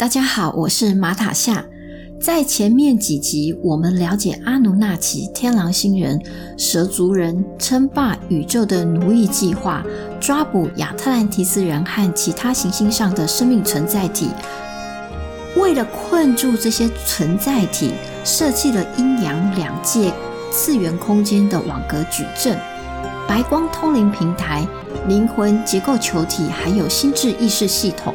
大家好，我是馬塔夏。在前面幾集，我們了解阿努納奇、天狼星人、蛇族人稱霸宇宙的奴役計劃，抓捕亞特蘭蒂斯人和其他行星上的生命存在體。為了困住這些存在體，設計了陰陽兩界次元空間的網格矩陣、白光通靈平台、靈魂結構球體，還有心智意識系統。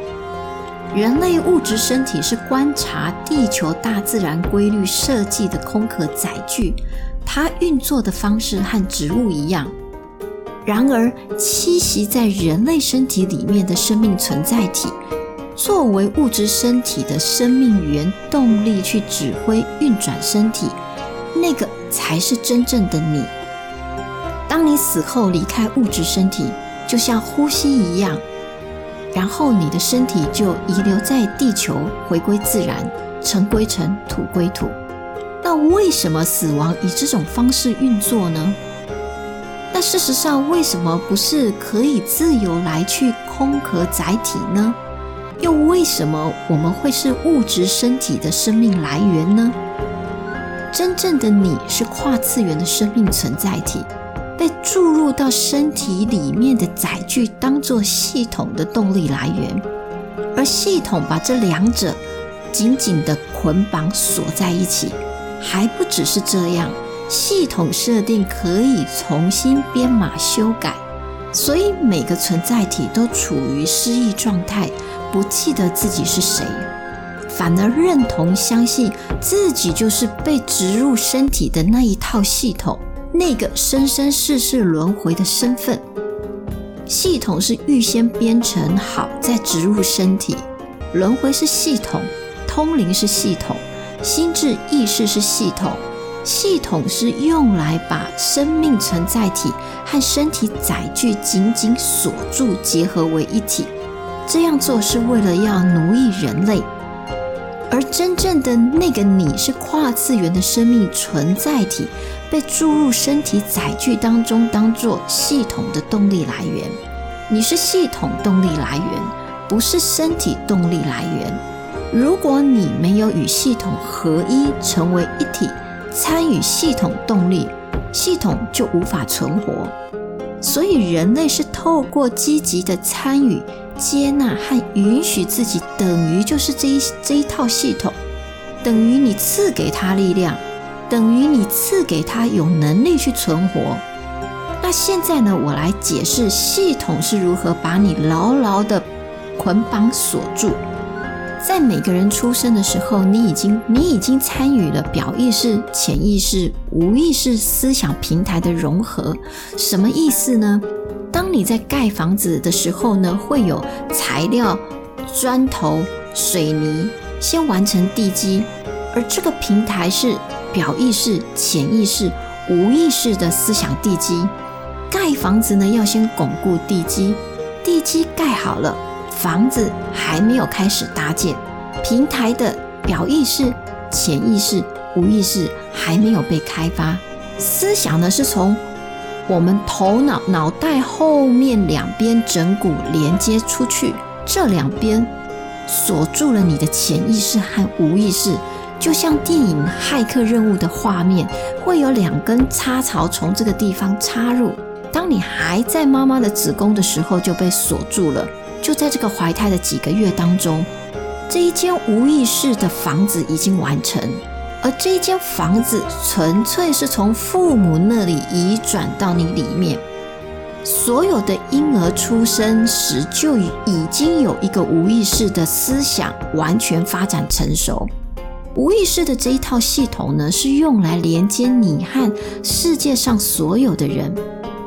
人類物質身體是觀察地球大自然規律設計的空殼載具，它運作的方式和植物一樣。然而，棲息在人類身體裡面的生命存在體，作為物質身體的生命源動力去指揮運轉身體，那個才是真正的你。當你死後離開物質身體，就像呼吸一樣。然後你的身體就遺留在地球，回歸自然，塵歸塵，土歸土。那為什麼死亡以這種方式運作呢？那事實上，為什麼不是可以自由來去空殼載體呢？又為什麼我們會是物質身體的生命來源呢？真正的你是跨次元的生命存在體。被注入到身體裡面的載具，當做系統的動力來源，而系統把這兩者緊緊的捆綁鎖在一起。還不只是這樣，系統設定可以重新編碼修改，所以每個存在體都處於失憶狀態，不記得自己是誰，反而認同相信自己就是被植入身體的那一套系統。那個生生世世輪迴的身份，系統是預先編程好再植入身體，輪迴是系統，通靈是系統，心智意識是系統，系統是用來把生命存在體和身體載具緊緊鎖住結合為一體，這樣做是為了要奴役人類，而真正的那個你是跨次元的生命存在體。被注入身體載具當中，當作系統的動力來源。你是系統動力來源，不是身體動力來源。如果你沒有與系統合一，成為一體，參與系統動力，系統就無法存活。所以，人類是透過積極的參與、接納和允許自己，等於就是這一這一套系統，等於你賜給他力量。等於你賜給他有能力去存活。那現在呢？我來解釋系統是如何把你牢牢的捆綁鎖住。在每個人出生的時候，你已經你已經參與了表意識、潛意識、無意識思想平台的融合。什麼意思呢？當你在蓋房子的時候呢，會有材料、磚頭、水泥，先完成地基，而這個平台是。表意識、潛意識、無意識的思想地基，蓋房子呢要先鞏固地基，地基蓋好了，房子還沒有開始搭建，平台的表意識、潛意識、無意識還沒有被開發。思想呢是從我們頭腦腦袋後面兩邊枕骨連接出去，這兩邊鎖住了你的潛意識和無意識。就像電影《駭客任務》的畫面，會有兩根插槽從這個地方插入。當你還在媽媽的子宮的時候就被鎖住了，就在這個懷胎的幾個月當中，這一間無意識的房子已經完成。而這一間房子純粹是從父母那裡移轉到你裡面。所有的嬰兒出生時就已經有一個無意識的思想完全發展成熟。無意識的這一套系統呢，是用來連接你和世界上所有的人，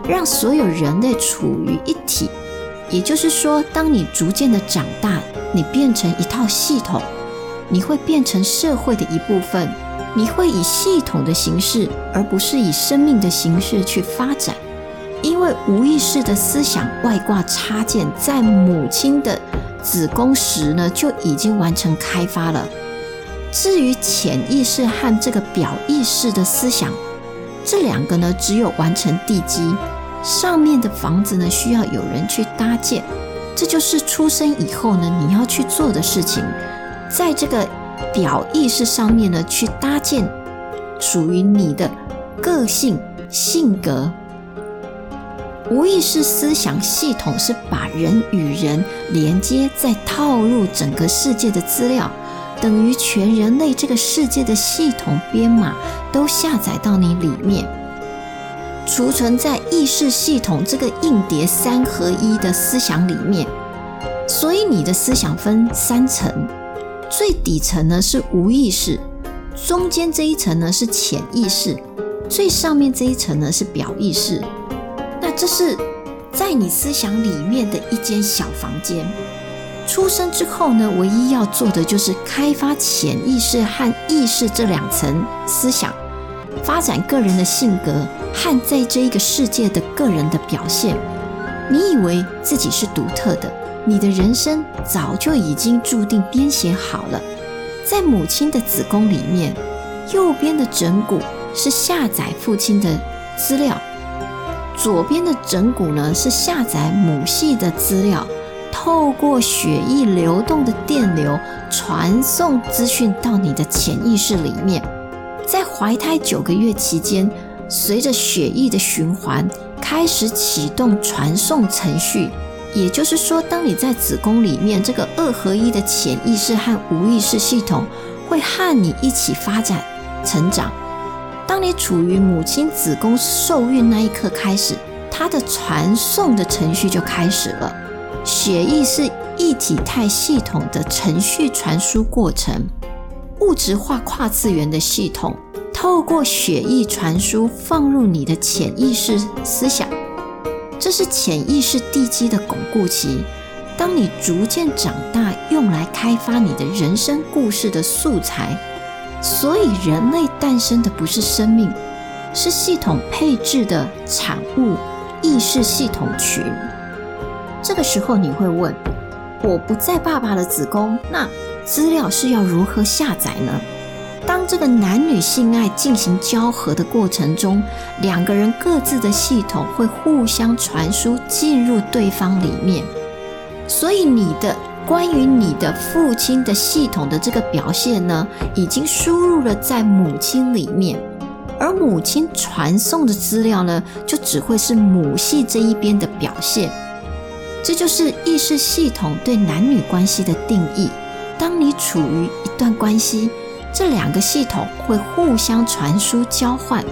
讓所有人類處於一體。也就是說，當你逐漸的長大，你變成一套系統，你會變成社會的一部分，你會以系統的形式，而不是以生命的形式去發展。因為無意識的思想外掛插件在母親的子宮時呢，就已經完成開發了。至於潛意識和這個表意識的思想，這兩個呢，只有完成地基，上面的房子呢，需要有人去搭建。這就是出生以後呢，你要去做的事情，在這個表意識上面呢，去搭建屬於你的個性、性格。無意識思想系統是把人與人連接，再套入整個世界的資料。等於全人類這個世界的系統編碼都下載到你裡面，儲存在意識系統這個硬碟三合一的思想裡面。所以你的思想分三層，最底層呢是無意識，中間這一層呢是潛意識，最上面這一層呢是表意識。那這是在你思想裡面的一間小房間。出生之後呢，唯一要做的就是開發潛意識和意識這兩層思想，發展個人的性格和在這一個世界的個人的表現。你以為自己是獨特的，你的人生早就已經注定編寫好了。在母親的子宮裡面，右邊的枕骨是下載父親的資料，左邊的枕骨呢，是下載母系的資料。透過血液流動的電流傳送資訊到你的潛意識裡面，在懷胎九個月期間，隨着血液的循環開始啟動傳送程序。也就是說，當你在子宮裡面，這個二合一的潛意識和無意識系統會和你一起發展成長。當你處於母親子宮受孕那一刻開始，它的傳送的程序就開始了。血液是一體態系統的程序傳輸過程，物質化跨次元的系統，透過血液傳輸放入你的潛意識思想，這是潛意識地基的鞏固期。當你逐漸長大，用來開發你的人生故事的素材。所以，人類誕生的不是生命，是系統配置的產物，意識系統群。這個時候你會問：“我不在爸爸的子宮，那資料是要如何下載呢？”當這個男女性愛進行交合的過程中，兩個人各自的系統會互相傳輸進入對方裡面，所以你的，關於你的父親的系統的這個表現呢，已經輸入了在母親裡面，而母親傳送的資料呢，就只會是母系這一邊的表現。這就是意識系統對男女關係的定義。當你處於一段關係，這兩個系統會互相傳輸交換。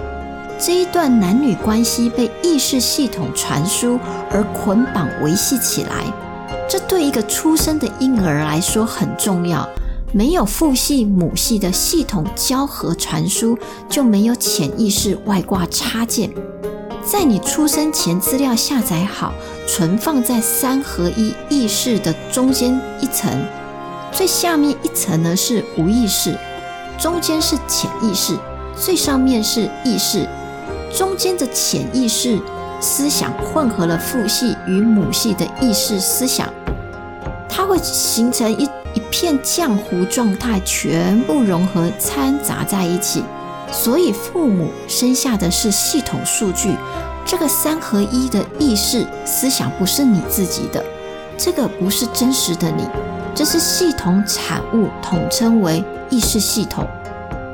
這一段男女關係被意識系統傳輸而捆綁維繫起來。這對一個出生的嬰兒來說很重要。沒有父系母系的系統交合傳輸，就沒有潛意識外掛插件。在你出生前，資料下載好，存放在三合一意識的中間一層。最下面一層呢，是無意識，中間是潛意識，最上面是意識。中間的潛意識思想混合了父系與母系的意識思想，它會形成一一片漿糊狀態，全部融合摻雜在一起。所以父母生下的是系統數據。這個三合一的意識思想不是你自己的，這個不是真實的你，這是系統產物，統稱為意識系統。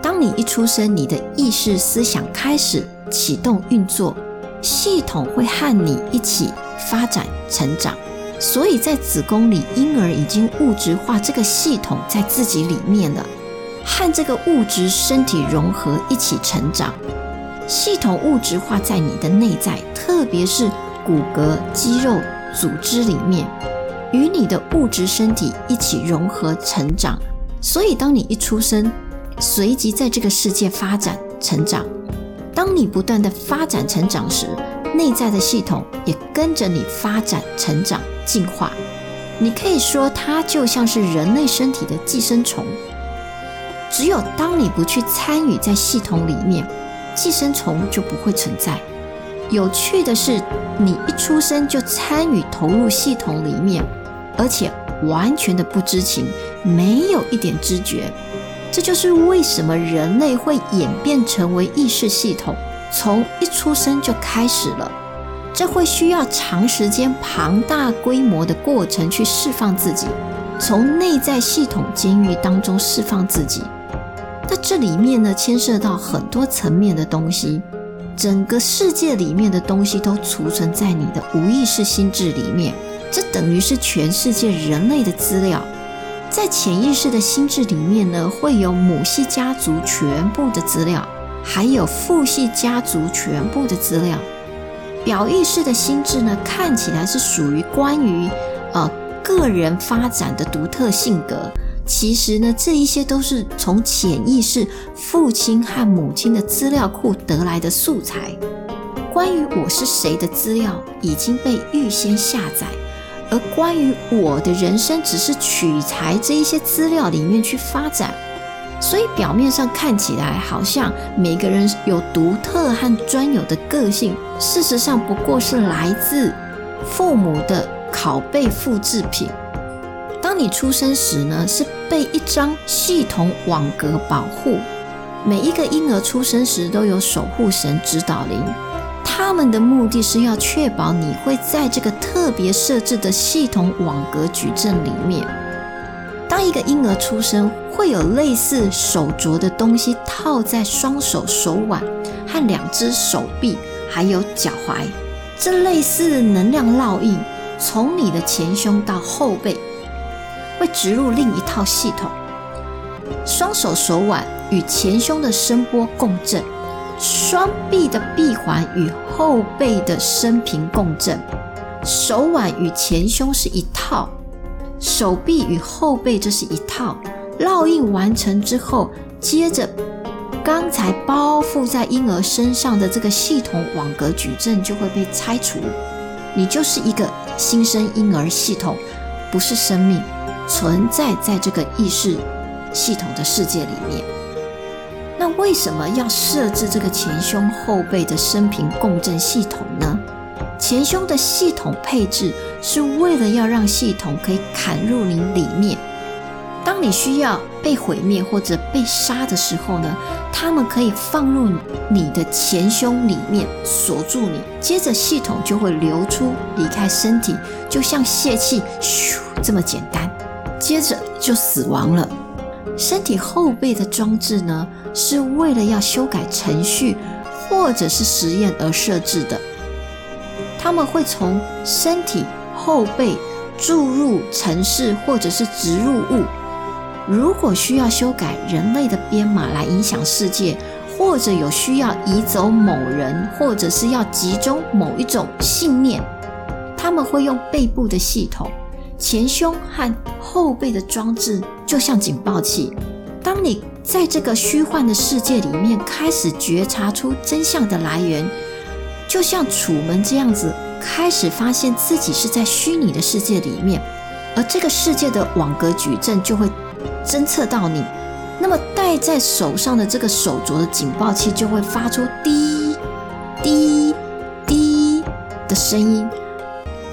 當你一出生，你的意識思想開始啟動運作，系統會和你一起發展成長。所以在子宮裡，嬰兒已經物質化這個系統在自己裡面了，和這個物質身體融合一起成長。系統物質化在你的內在，特別是骨骼、肌肉、組織裡面，與你的物質身體一起融合成長。所以，當你一出生，隨即在這個世界發展成長。當你不斷的發展成長時，內在的系統也跟着你發展、成長、進化。你可以說，它就像是人類身體的寄生蟲。只有當你不去參與在系統裡面，寄生蟲就不會存在。有趣的是，你一出生就參與投入系統裡面，而且完全的不知情，沒有一點知覺。這就是為什麼人類會演變成為意識系統，從一出生就開始了。這會需要長時間、龐大規模的過程去釋放自己，從內在系統監獄當中釋放自己。那這裡面呢，牽涉到很多層面的東西，整個世界裡面的東西都儲存在你的無意識心智裡面，這等於是全世界人類的資料。在潛意識的心智裡面呢，會有母系家族全部的資料，還有父系家族全部的資料。表意識的心智呢，看起來是屬於關於，呃，個人發展的獨特性格。其實呢，這一些都是從潛意識父親和母親的資料庫得來的素材。關於我是誰的資料已經被預先下載，而關於我的人生只是取材這一些資料裡面去發展。所以表面上看起來好像每個人有獨特和專有的個性，事實上不過是來自父母的拷貝複製品。當你出生時呢，是被一張系統網格保護。每一個嬰兒出生時都有守護神指導靈，他們的目的是要確保你會在這個特別設置的系統網格矩陣裡面。當一個嬰兒出生，會有類似手鐲的東西套在雙手手腕和兩隻手臂，還有腳踝，這類似的能量烙印，從你的前胸到後背。會植入另一套系統，雙手手腕與前胸的聲波共振，雙臂的臂環與後背的聲頻共振，手腕與前胸是一套，手臂與後背這是一套。烙印完成之後，接着剛才包覆在嬰兒身上的這個系統網格矩陣就會被拆除，你就是一個新生嬰兒系統，不是生命。存在在這個意識系統的世界裡面。那為什麼要設置這個前胸後背的聲頻共振系統呢？前胸的系統配置是為了要讓系統可以砍入你裡面。當你需要被毀滅或者被殺的時候呢，他們可以放入你的前胸裡面鎖住你，接着系統就會流出離開身體，就像泄氣咻這麼簡單。接着就死亡了。身體後背的裝置呢，是為了要修改程序或者是實驗而設置的。他們會從身體後背注入程式或者是植入物。如果需要修改人類的編碼來影響世界，或者有需要移走某人，或者是要集中某一種信念，他們會用背部的系統。前胸和後背的裝置就像警報器，當你在這個虛幻的世界裡面開始覺察出真相的來源，就像楚門這樣子，開始發現自己是在虛擬的世界裡面，而這個世界的網格矩陣就會偵測到你，那麼戴在手上的這個手鐲的警報器就會發出滴滴滴的聲音。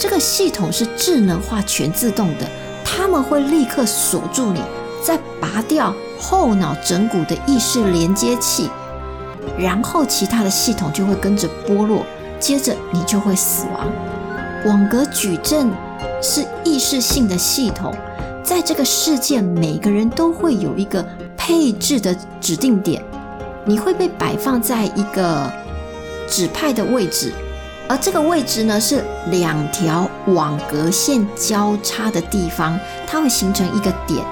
這個系統是智能化、全自動的，他們會立刻鎖住你，再拔掉後腦枕骨的意識連接器，然後其他的系統就會跟着剝落，接着你就會死亡。網格矩陣是意識性的系統，在這個世界，每個人都會有一個配置的指定點，你會被擺放在一個指派的位置。而這個位置呢，是兩條網格線交叉的地方，它會形成一個點。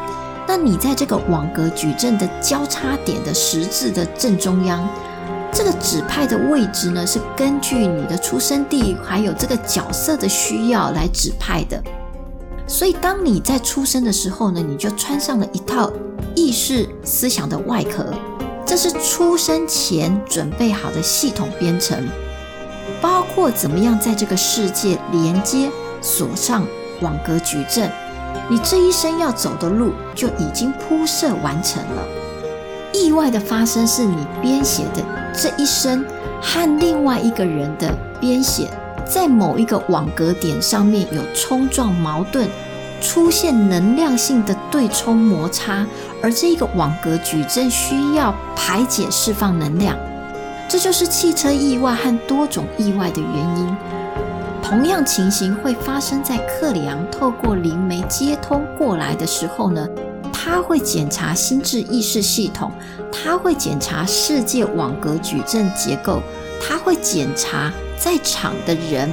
那你在這個網格矩陣的交叉點的十字的正中央，這個指派的位置呢，是根據你的出生地還有這個角色的需要來指派的。所以，當你在出生的時候呢，你就穿上了一套意識思想的外殼，這是出生前準備好的系統編程。包括怎麼樣在這個世界連接、鎖上網格矩陣，你這一生要走的路就已經鋪設完成了。意外的發生是你編寫的這一生和另外一個人的編寫，在某一個網格點上面有衝撞、矛盾，出現能量性的對衝摩擦，而這一個網格矩陣需要排解、釋放能量。這就是汽車意外和多種意外的原因。同樣情形會發生在克里昂透過靈媒接通過來的時候呢，他會檢查心智意識系統，他會檢查世界網格矩陣結構，他會檢查在場的人。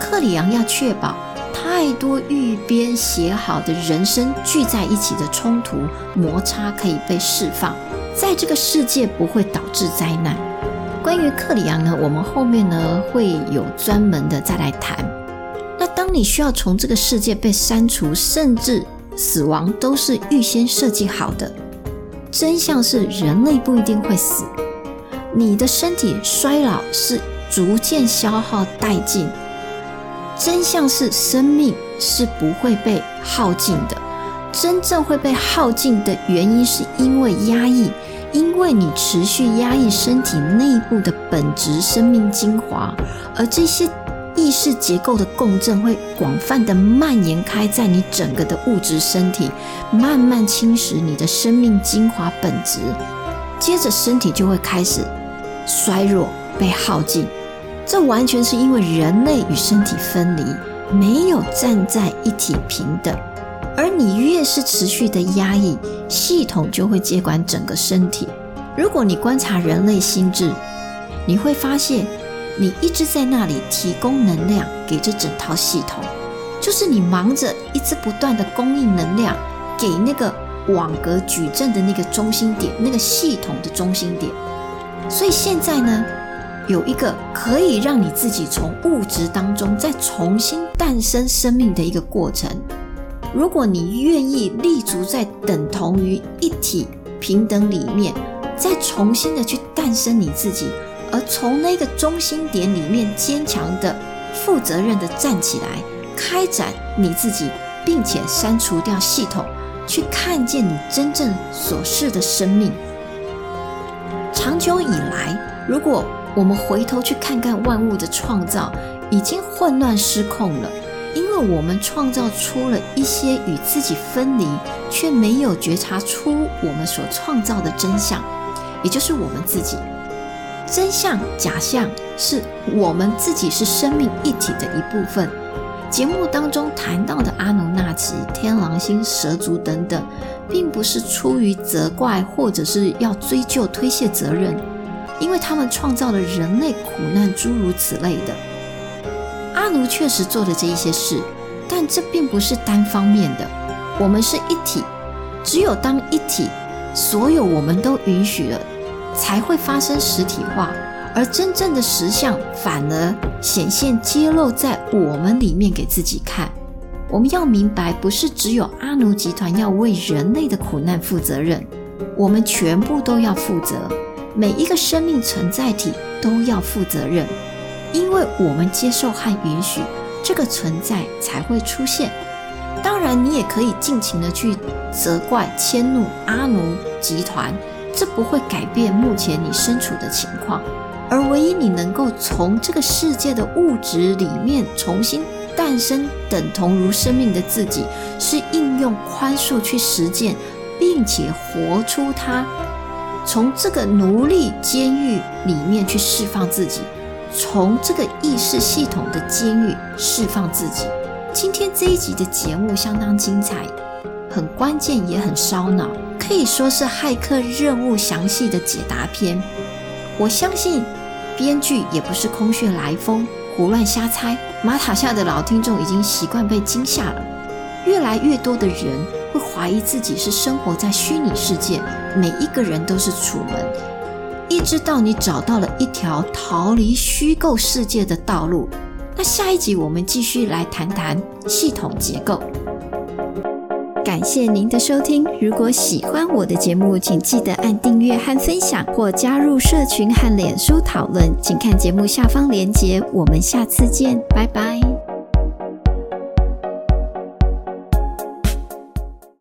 克里昂要確保太多預先寫好的人生聚在一起的衝突、摩擦可以被釋放，在這個世界不會導致災難。關於克里昂呢，我們後面呢會有專門的再來談。那當你需要從這個世界被刪除，甚至死亡都是預先設計好的。真相是人類不一定會死，你的身體衰老是逐漸消耗殆盡。真相是生命是不會被耗盡的，真正會被耗盡的原因是因為壓抑。因為你持續壓抑身體內部的本質生命精華，而這些意識結構的共振會廣泛地蔓延開，在你整個的物質身體，慢慢侵蝕你的生命精華本質，接着身體就會開始衰弱，被耗盡。這完全是因為人類與身體分離，沒有站在一體平等。而你越是持續的壓抑，系統就會接管整個身體。如果你觀察人類心智，你會發現，你一直在那裡提供能量給這整套系統，就是你忙着一直不斷的供應能量給那個網格矩陣的那個中心點，那個系統的中心點。所以現在呢，有一個可以讓你自己從物質當中再重新誕生生命的一個過程。如果你願意立足在等同於一體平等裡面，再重新的去誕生你自己，而從那個中心點裡面堅強的、負責任的站起來，開展你自己，並且刪除掉系統，去看見你真正所是的生命。長久以來，如果我們回頭去看看萬物的創造，已經混亂失控了。我們創造出了一些與自己分離，卻沒有覺察出我們所創造的真相，也就是我們自己。真相假象是我們自己是生命一體的一部分。節目當中談到的阿努納奇、天狼星、蛇族等等，並不是出於責怪或者是要追究推卸責任，因為他們創造了人類苦難諸如此類的。阿奴確實做了這一些事，但這並不是單方面的。我們是一體，只有當一體，所有我們都允許了，才會發生實體化。而真正的實相反而顯現揭露在我們裡面，給自己看。我們要明白，不是只有阿奴集團要為人類的苦難負責任，我們全部都要負責，每一個生命存在體都要負責任。因為我們接受和允許這個存在才會出現。當然，你也可以盡情的去責怪、遷怒阿奴集團，這不會改變目前你身處的情況。而唯一你能夠從這個世界的物質裡面重新誕生等同如生命的自己，是應用寬恕去實踐，並且活出它，從這個奴隸監獄裡面去釋放自己。從這個意識系統的監獄釋放自己。今天這一集的節目相當精彩，很關鍵也很燒腦，可以說是駭客任務詳細的解答篇。我相信編劇也不是空穴來風、胡亂瞎猜。馬塔夏的老聽眾已經習慣被驚嚇了，越來越多的人會懷疑自己是生活在虛擬世界，每一個人都是楚門一直到你找到了一條逃離虛構世界的道路，那下一集我們繼續來談談系統結構。感謝您的收聽，如果喜歡我的節目，請記得按訂閱和分享，或加入社群和臉書討論，請看節目下方連結。我們下次見，拜拜。